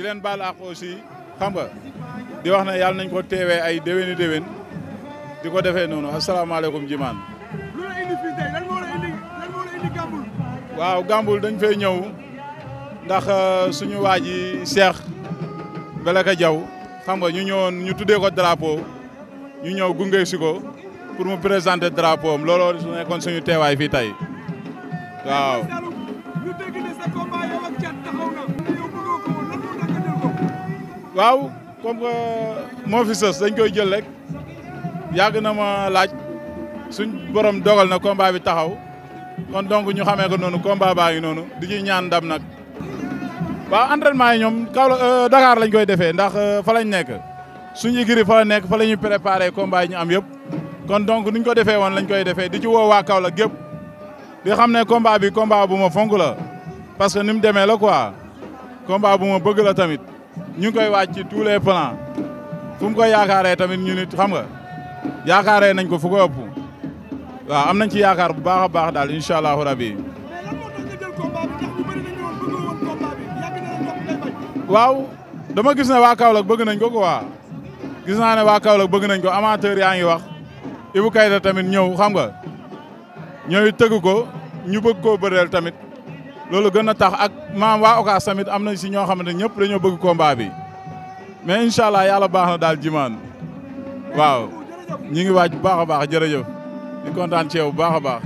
di leen baal ak aussi di wax ne yàlla nañ ko teewee ay déwéni déwén di ko defee noonu asalaamaaleykum jimaan waaw Gamboul dañ fay ñëw ndax euh, suñu waa ji Cheikh Belaka Diaw xam nga ñu ñëwoon ñu tuddee ko drapeau ñu ñëw gunge si ko pour mu présenter drapeau am looloo su nekkoon suñu teewaay fii tey waaw. waaw comme que moo dañ koy jël rek yàgg na ma laaj suñ borom dogal na combat bi taxaw kon donc ñu xamee ko noonu combat baa ngi noonu di ci ñaan ndam nag. waaw entraînement yi ñoom Kaolack euh, Dakar lañ koy defee ndax euh, fa lañ nekk suñu écurie fa la nekk fa la ñuy préparé combat yi ñu am yëpp kon donc nuñ ko defee woon lañ koy defee di ci woo waa Kaolack gépp di xam ne combat bi combat bu ma fonk la parce que ni mu demee la ko quoi combat bu ma bëgg la tamit. ñu ngi koy waaj ci tous les plans fu mu ko yaakaaree tamit ñu xam nga yaakaaree nañ ko fu ko ëpp waaw am nañ ci yaakaar bu baax a baax daal incha allahu rabi. waaw dama gis ne waa Kaolack bëgg nañ ko quoi gis naa ne waa Kaolack bëgg nañ ko amateur yaa ngi wax Ibou Kayta tamit ñëw xam nga ñooy tëgg ko ñu bëgg koo bëreel tamit. loolu gën a tax ak maam waa Ocass tamit am na si ñoo xamante ñëpp dañoo bëgg combat bi mais incha allah yàlla baax na daal jimaan waaw ñu ngi waaj bu baax a baax jërëjëf ñu kontaan ci bu baax a baax.